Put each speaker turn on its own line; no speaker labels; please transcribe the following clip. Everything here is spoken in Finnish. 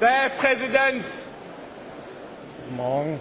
Herr Präsident!
Morgen.